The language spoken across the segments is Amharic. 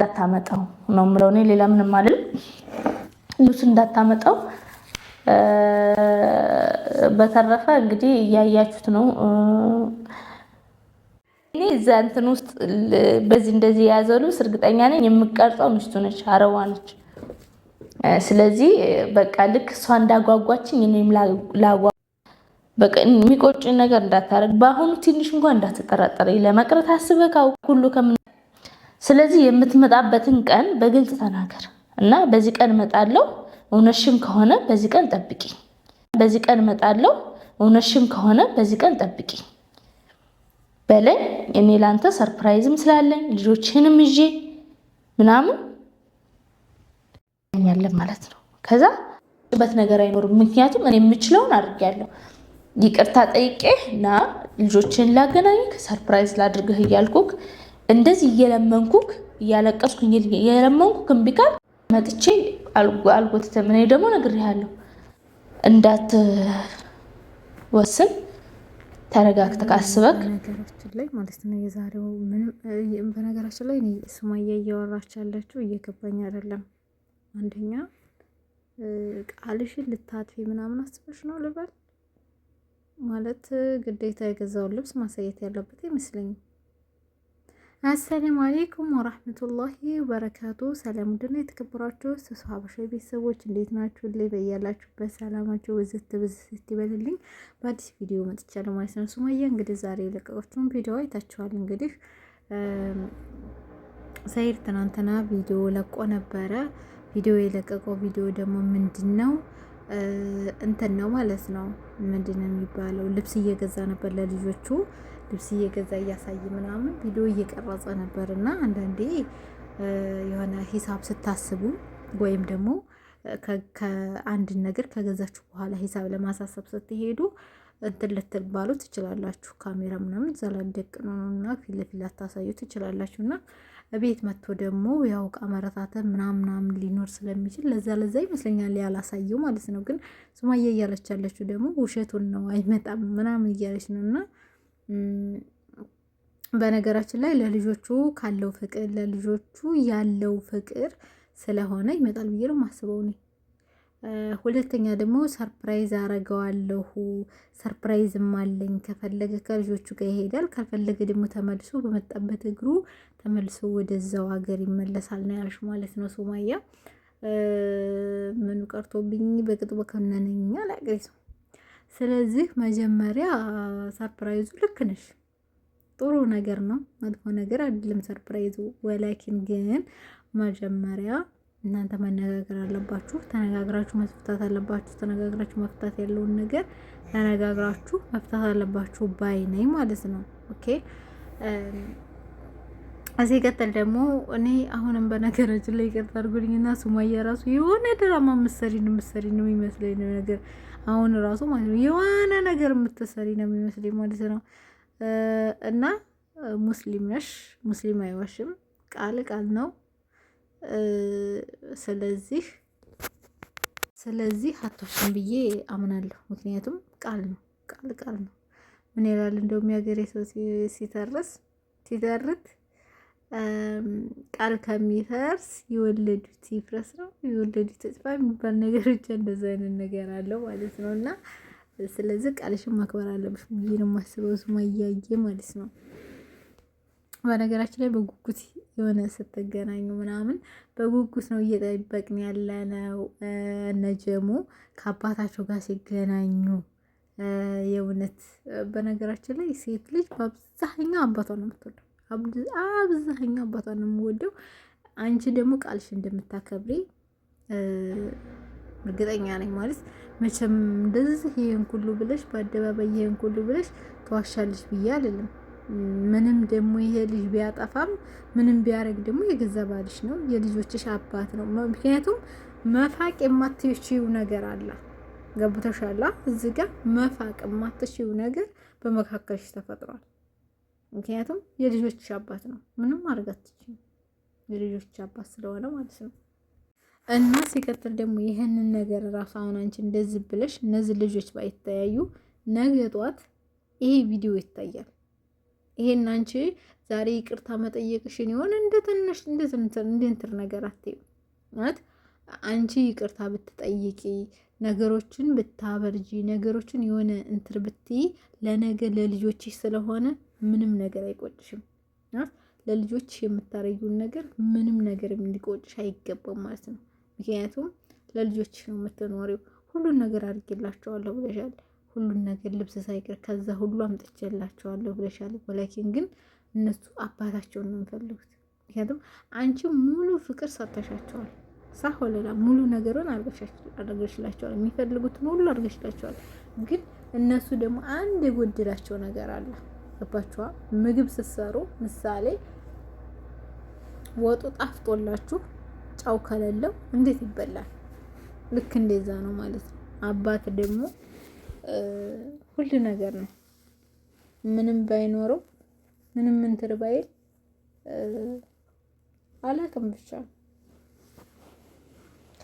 እንዳታመጣው ነው የምለው። እኔ ሌላ ምንም አልልም። ልብስ እንዳታመጣው። በተረፈ እንግዲህ እያያችሁት ነው። እኔ እዛ እንትን ውስጥ በዚህ እንደዚህ የያዘው ልብስ እርግጠኛ ነኝ የምቀርጸው ሚስቱ ነች፣ አረዋ ነች። ስለዚህ በቃ ልክ እሷ እንዳጓጓችኝ እኔም ላጓ የሚቆጭኝ ነገር እንዳታደርግ በአሁኑ ትንሽ እንኳን እንዳትጠራጠረ ለመቅረት አስበህ ሁሉ ከምን ስለዚህ የምትመጣበትን ቀን በግልጽ ተናገር እና በዚህ ቀን እመጣለሁ፣ እውነትሽም ከሆነ በዚህ ቀን ጠብቂ። በዚህ ቀን እመጣለሁ፣ እውነሽም ከሆነ በዚህ ቀን ጠብቂ በዚህ ቀን እመጣለሁ እውነሽም ከሆነ በዚህ ቀን ጠብቂ በለኝ እኔ ላንተ ሰርፕራይዝም ስላለኝ ልጆችህንም ይዤ ምናምን ያለን ማለት ነው። ከዛ በት ነገር አይኖርም፣ ምክንያቱም እኔ የምችለውን አድርጌያለሁ። ይቅርታ ጠይቄ እና ልጆችን ላገናኝክ ሰርፕራይዝ ላድርግህ እያልኩክ እንደዚህ እየለመንኩክ እያለቀስኩኝ እየለመንኩክ እምቢ ካልክ መጥቼ አልጎትትም። እኔ ደግሞ ነግሬሃለሁ እንዳትወስን ተረጋግተህ አስበክ ነገራችን ላይ ማለት ነው። የዛሬው ምንም በነገራችን ላይ እያወራች ያለችው እየገባኝ አይደለም። አንደኛ ቃልሽን ልታጥፊ ምናምን አስበሽ ነው ልበል ማለት ግዴታ የገዛውን ልብስ ማሳየት ያለበት አይመስለኝም። አሰላሙ አሌይኩም ወራህመቱላሂ ወበረካቱ። ሰላም ውድና የተከበራችሁ ስብሰባሽ ቤተሰቦች እንዴት ናችሁ? ላይ በያላችሁበት ሰላማችሁ ብዝት ብዝት ይበልልኝ። በአዲስ ቪዲዮ መጥቻለሁ ማለት ነው። ሱማያ እንግዲህ ዛሬ የለቀቁትን ቪዲዮ አይታችኋል። እንግዲህ ሰይድ ትናንትና ቪዲዮ ለቆ ነበረ። ቪዲዮ የለቀቀው ቪዲዮ ደግሞ ምንድን ነው እንትን ነው ማለት ነው። ምንድን ነው የሚባለው? ልብስ እየገዛ ነበር ለልጆቹ ልብስ እየገዛ እያሳየ ምናምን ቪዲዮ እየቀረጸ ነበር እና አንዳንዴ የሆነ ሂሳብ ስታስቡ ወይም ደግሞ ከአንድን ነገር ከገዛችሁ በኋላ ሂሳብ ለማሳሰብ ስትሄዱ እንትን ልትባሉ ትችላላችሁ። ካሜራ ምናምን እዛ ላይ ደቅኖና ፊት ለፊት ላታሳዩ ትችላላችሁ እና ቤት መጥቶ ደግሞ ያው ዕቃ መረታተን ምናምናምን ሊኖር ስለሚችል ለዛ ለዛ ይመስለኛል ያላሳየው ማለት ነው። ግን ሱማያ እያለች ያለችው ደግሞ ውሸቱን ነው አይመጣም ምናምን እያለች ነው እና በነገራችን ላይ ለልጆቹ ካለው ፍቅር ለልጆቹ ያለው ፍቅር ስለሆነ ይመጣል ብዬ ነው ማስበው እኔ። ሁለተኛ ደግሞ ሰርፕራይዝ አረገዋለሁ፣ ሰርፕራይዝም አለኝ። ከፈለገ ከልጆቹ ጋር ይሄዳል፣ ከፈለገ ደግሞ ተመልሶ በመጣበት እግሩ ተመልሶ ወደዛው ሀገር ይመለሳል ነው ያልሽ ማለት ነው ሱማያ። ምኑ ቀርቶብኝ በቅጥ በከነነኛ ላቅሬ ስለዚህ መጀመሪያ ሰርፕራይዙ ልክ ነሽ፣ ጥሩ ነገር ነው፣ መጥፎ ነገር አይደለም ሰርፕራይዙ። ወላኪን ግን መጀመሪያ እናንተ መነጋገር አለባችሁ። ተነጋግራችሁ መፍታት አለባችሁ። ተነጋግራችሁ መፍታት ያለውን ነገር ተነጋግራችሁ መፍታት አለባችሁ ባይ ነኝ ማለት ነው። ኦኬ እዚህ ቀጠል ደግሞ እኔ አሁንም በነገራችን ላይ ይቅርታ እና ሱማያ ራሱ የሆነ ድራማ ምሰሪ ነው ምሰሪ ነው የሚመስለኝ ነው ነገር አሁን ራሱ ማለት ነው የሆነ ነገር የምትሰሪ ነው የሚመስለኝ ማለት ነው። እና ሙስሊም ነሽ፣ ሙስሊም አይዋሽም፣ ቃል ቃል ነው። ስለዚህ ስለዚህ አትዋሽም ብዬ አምናለሁ። ምክንያቱም ቃል ነው፣ ቃል ቃል ነው። ምን ይላል እንደውም የሀገሬ ሰው ሲተርስ ሲተርት ቃል ከሚፈርስ የወለዱት ይፍረስ ነው የወለዱት ተጽፋ የሚባል ነገር ብቻ እንደዛ አይነት ነገር አለው ማለት ነው። እና ስለዚህ ቃልሽን ማክበር አለብሽ ብዬ ነው የማስበው። ሱመያዬ ማለት ነው። በነገራችን ላይ በጉጉት የሆነ ስትገናኙ ምናምን በጉጉት ነው እየጠበቅን ያለ ነው። ነጀሙ ከአባታቸው ጋር ሲገናኙ የእውነት በነገራችን ላይ ሴት ልጅ በአብዛኛው አባቷ ነው የምትወደው አብዛኛው አባቷ ነው የምወደው። አንቺ ደግሞ ቃልሽ እንደምታከብሪ እርግጠኛ ነኝ። ማለት መቼም እንደዚህ ይሄን ሁሉ ብለሽ በአደባባይ ይሄን ሁሉ ብለሽ ተዋሻለሽ ብዬ አይደለም። ምንም ደግሞ ይሄ ልጅ ቢያጠፋም ምንም ቢያደርግ ደግሞ የገዛ ባልሽ ነው፣ የልጆችሽ አባት ነው። ምክንያቱም መፋቅ የማትችው ነገር አለ። ገብቶሻል? እዚህ ጋር መፋቅ የማትችው ነገር በመካከልሽ ተፈጥሯል። ምክንያቱም የልጆች አባት ነው። ምንም አድርጋት የልጆች አባት ስለሆነ ማለት ነው። እና ሲቀጥል ደግሞ ይህንን ነገር ራሱ አሁን አንቺ እንደዚህ ብለሽ እነዚህ ልጆች ባይተያዩ ነገ ጧት ይሄ ቪዲዮ ይታያል። ይሄን አንቺ ዛሬ ይቅርታ መጠየቅሽን የሆነ እንደ ትንሽ እንደ ነገር አትዩ ማለት አንቺ ይቅርታ ብትጠይቂ ነገሮችን ብታበርጂ ነገሮችን የሆነ እንትር ብትይ ለነገ ለልጆችሽ ስለሆነ ምንም ነገር አይቆጭሽም። ለልጆች የምታረጊውን ነገር ምንም ነገር እንዲቆጭሽ አይገባም ማለት ነው። ምክንያቱም ለልጆች ነው የምትኖሪው። ሁሉን ነገር አድርጌላቸዋለሁ ብለሻል። ሁሉን ነገር ልብስ ሳይቀር ከዛ ሁሉ አምጥቼላቸዋለሁ ብለሻል። ወላኪን ግን እነሱ አባታቸውን ነው የሚፈልጉት። ምክንያቱም አንቺ ሙሉ ፍቅር ሰጥተሻቸዋል። ሳሆ ሳሆለላ ሙሉ ነገርን አድርገሽላቸዋል። የሚፈልጉትን ሁሉ አድርገሽላቸዋል። ግን እነሱ ደግሞ አንድ የጎደላቸው ነገር አለ ገባችኋ? ምግብ ስትሰሩ ምሳሌ ወጡ ጣፍጦላችሁ ጫው ከሌለው እንዴት ይበላል? ልክ እንደዛ ነው ማለት ነው። አባት ደግሞ ሁሉ ነገር ነው። ምንም ባይኖረው ምንም እንትር ባይል አላቅም ብቻ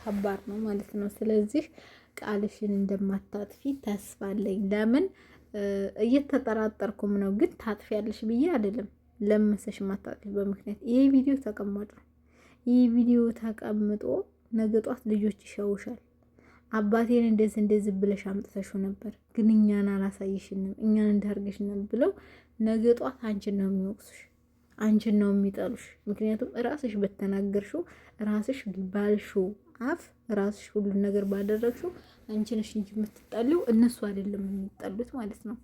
ከባድ ነው ማለት ነው። ስለዚህ ቃልሽን እንደማታጥፊ ተስፋ አለኝ። ለምን እየተጠራጠርኩም ነው፣ ግን ታጥፊያለሽ ብዬ አይደለም ለመሰሽ ማታጥፊ በምክንያት ይሄ ቪዲዮ ተቀመጠ። ይህ ቪዲዮ ተቀምጦ ነገ ጧት ልጆች ይሸውሻል። አባቴን እንደዚህ እንደዚህ ብለሽ አምጥተሽው ነበር፣ ግን እኛን አላሳይሽንም፣ እኛን እንዳርገሽ ነው ብለው ነገ ጧት አንቺን ነው የሚወቅሱሽ፣ አንቺን ነው የሚጠሉሽ። ምክንያቱም ራስሽ በተናገርሽው ራስሽ ባልሽው አፍ ራስሽ ሁሉን ነገር ባደረግሽው አንቺ ነሽ እንጂ የምትጣለው እነሱ አይደለም የሚጣሉት ማለት ነው።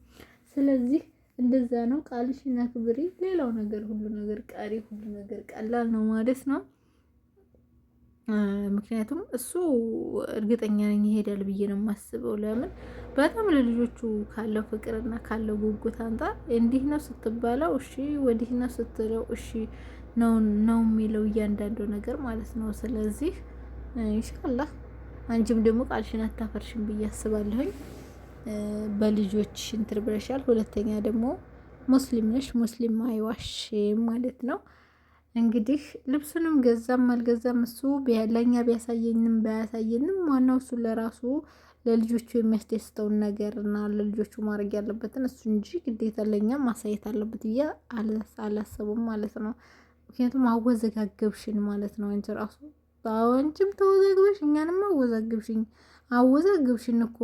ስለዚህ እንደዛ ነው። ቃልሽን አክብሪ። ሌላው ነገር ሁሉ ነገር ቃሪ ሁሉ ነገር ቀላል ነው ማለት ነው። ምክንያቱም እሱ እርግጠኛ ነኝ ይሄዳል ብዬ ነው የማስበው። ለምን በጣም ለልጆቹ ካለው ፍቅርና ካለው ጉጉት አንጻር እንዲህ ነው ስትባለው እሺ፣ ወዲህ ነው ስትለው እሺ ነው ነው የሚለው እያንዳንዱ ነገር ማለት ነው። ስለዚህ ኢንሻላህ አንቺም ደግሞ ቃልሽን አታፈርሽም ብዬ አስባለሁኝ። በልጆች እንትን ብለሻል። ሁለተኛ ደግሞ ሙስሊም ነሽ፣ ሙስሊም አይዋሽም ማለት ነው። እንግዲህ ልብሱንም ገዛም አልገዛም እሱ ለእኛ ቢያሳየንም ባያሳየንም ዋናው እሱ ለራሱ ለልጆቹ የሚያስደስተውን ነገርና ለልጆቹ ማድረግ ያለበትን እሱ እንጂ ግዴታ ለእኛ ማሳየት አለበት ብዬ አላሰቡም ማለት ነው። ምክንያቱም አወዘጋገብሽን ማለት ነው አንቺ ራሱ በአወንጭም ተወዛግበሽ እኛንም አወዛግብሽኝ አወዛግብሽን እኮ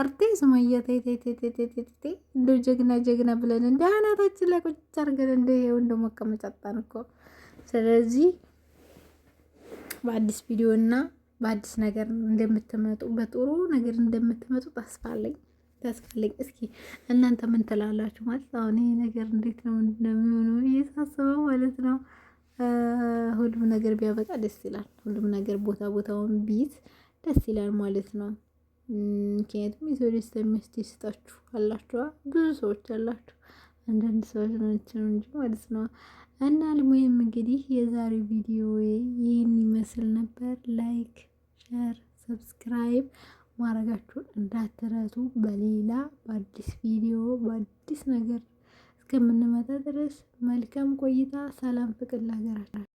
አርቴ ስማያ ተይተይተይተይተይ እንደ ጀግና ጀግና ብለን እንደ አናታችን ላይ ቁጭ አድርገን እንደ ይሄው እንደ መቀመጫጣን እኮ። ስለዚህ በአዲስ ቪዲዮ እና በአዲስ ነገር እንደምትመጡ በጥሩ ነገር እንደምትመጡ ተስፋ አለኝ ተስፋ አለኝ። እስኪ እናንተ ምን ትላላችሁ? ማለት አሁን ይሄ ነገር እንዴት ነው እንደሚሆነው እየሳስበው ማለት ነው ሁሉም ነገር ቢያበቃ ደስ ይላል። ሁሉም ነገር ቦታ ቦታውን ቢይዝ ደስ ይላል ማለት ነው። ምክንያቱም የሰው ልጅ ይስጣችሁ አላችኋ፣ ብዙ ሰዎች አላችሁ፣ አንዳንድ ሰዎች ናቸው እንጂ ማለት ነው። እና አልሙዬም እንግዲህ የዛሬ ቪዲዮ ይህን ይመስል ነበር። ላይክ፣ ሸር፣ ሰብስክራይብ ማድረጋችሁን እንዳትረቱ። በሌላ በአዲስ ቪዲዮ በአዲስ ነገር እስከምንመጣ ድረስ መልካም ቆይታ። ሰላም፣ ፍቅር ለሀገራችን።